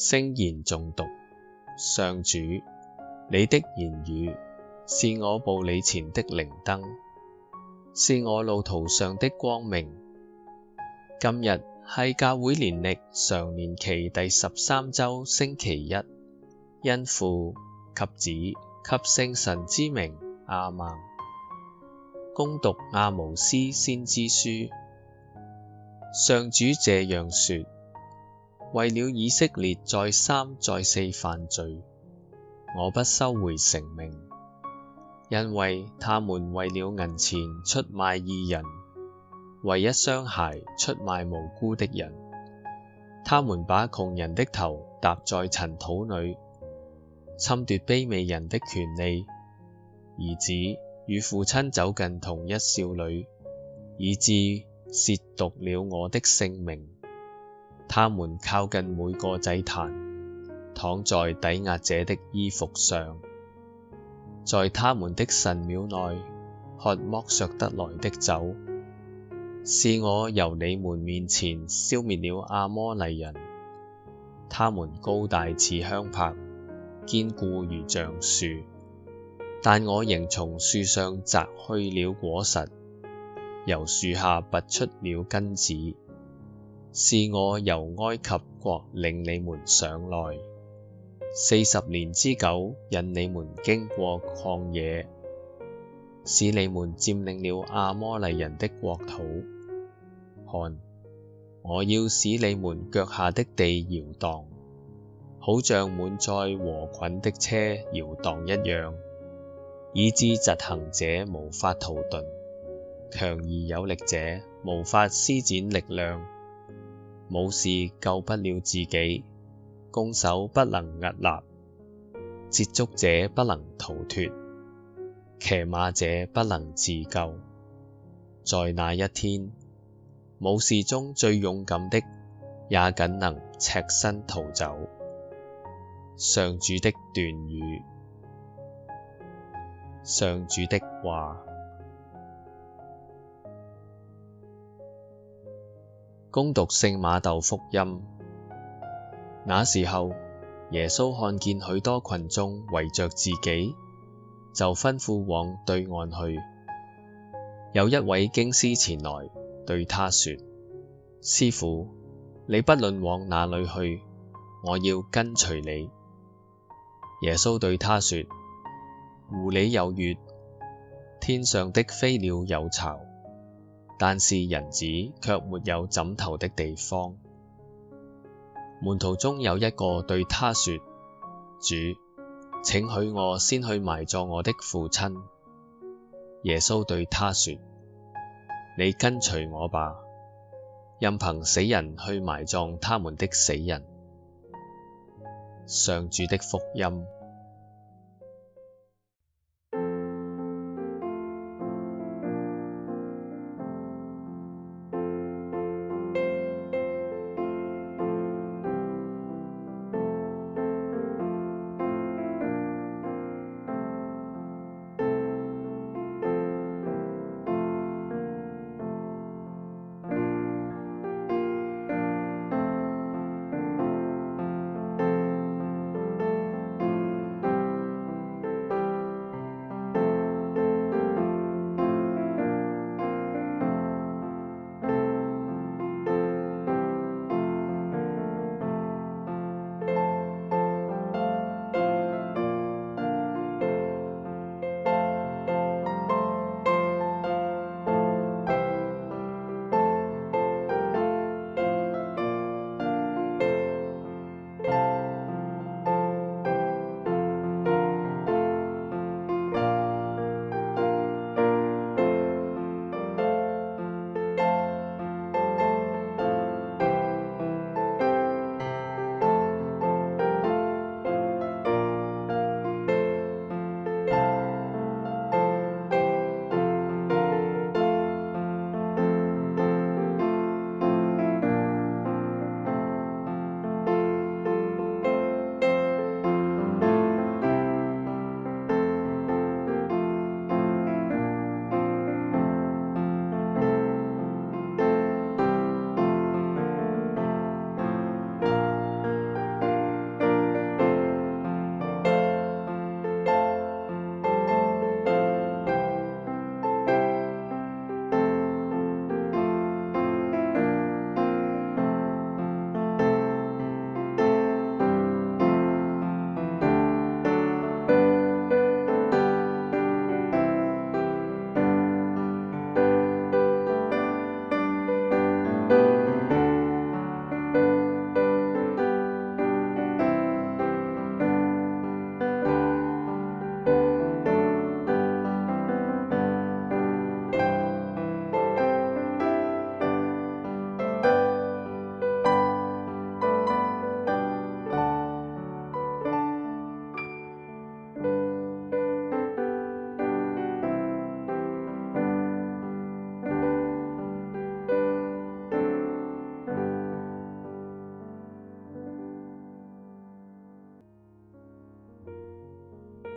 聖言誦讀。上主，你的言語是我步你前的靈燈，是我路途上的光明。今日係教會年曆常年期第十三周星期一，因父及子及聖神之名，阿門。恭讀亞毛斯先知書。上主這樣說。為了以色列再三再四犯罪，我不收回成命，因為他們為了銀錢出賣義人，為一雙鞋出賣無辜的人，他們把窮人的頭踏在塵土裏，侵奪卑微人的權利，兒子與父親走近同一少女，以致褻瀆了我的聖名。他們靠近每個祭壇，躺在抵押者的衣服上，在他們的神廟內喝剝削得來的酒。是我由你們面前消滅了阿摩黎人，他們高大似香柏，堅固如橡樹，但我仍從樹上摘去了果實，由樹下拔出了根子。是我由埃及國領你們上來，四十年之久引你們經過曠野，使你們佔領了阿摩黎人的國土。看，我要使你們腳下的地搖蕩，好像滿載禾捆的車搖蕩一樣，以致疾行者無法逃遁，強而有力者無法施展力量。武士救不了自己，弓手不能屹立，捷足者不能逃脫，騎馬者不能自救。在那一天，武士中最勇敢的也僅能赤身逃走。上主的斷語，上主的話。恭讀聖馬竇福音。那時候，耶穌看見許多群眾圍着自己，就吩咐往對岸去。有一位經師前來對他說：「師傅，你不論往哪裏去，我要跟隨你。」耶穌對他說：「狐狸有穴，天上的飛鳥有巢。」但是人子卻沒有枕頭的地方。門徒中有一個對他說：主，請許我先去埋葬我的父親。耶穌對他說：你跟隨我吧，任憑死人去埋葬他們的死人。上主的福音。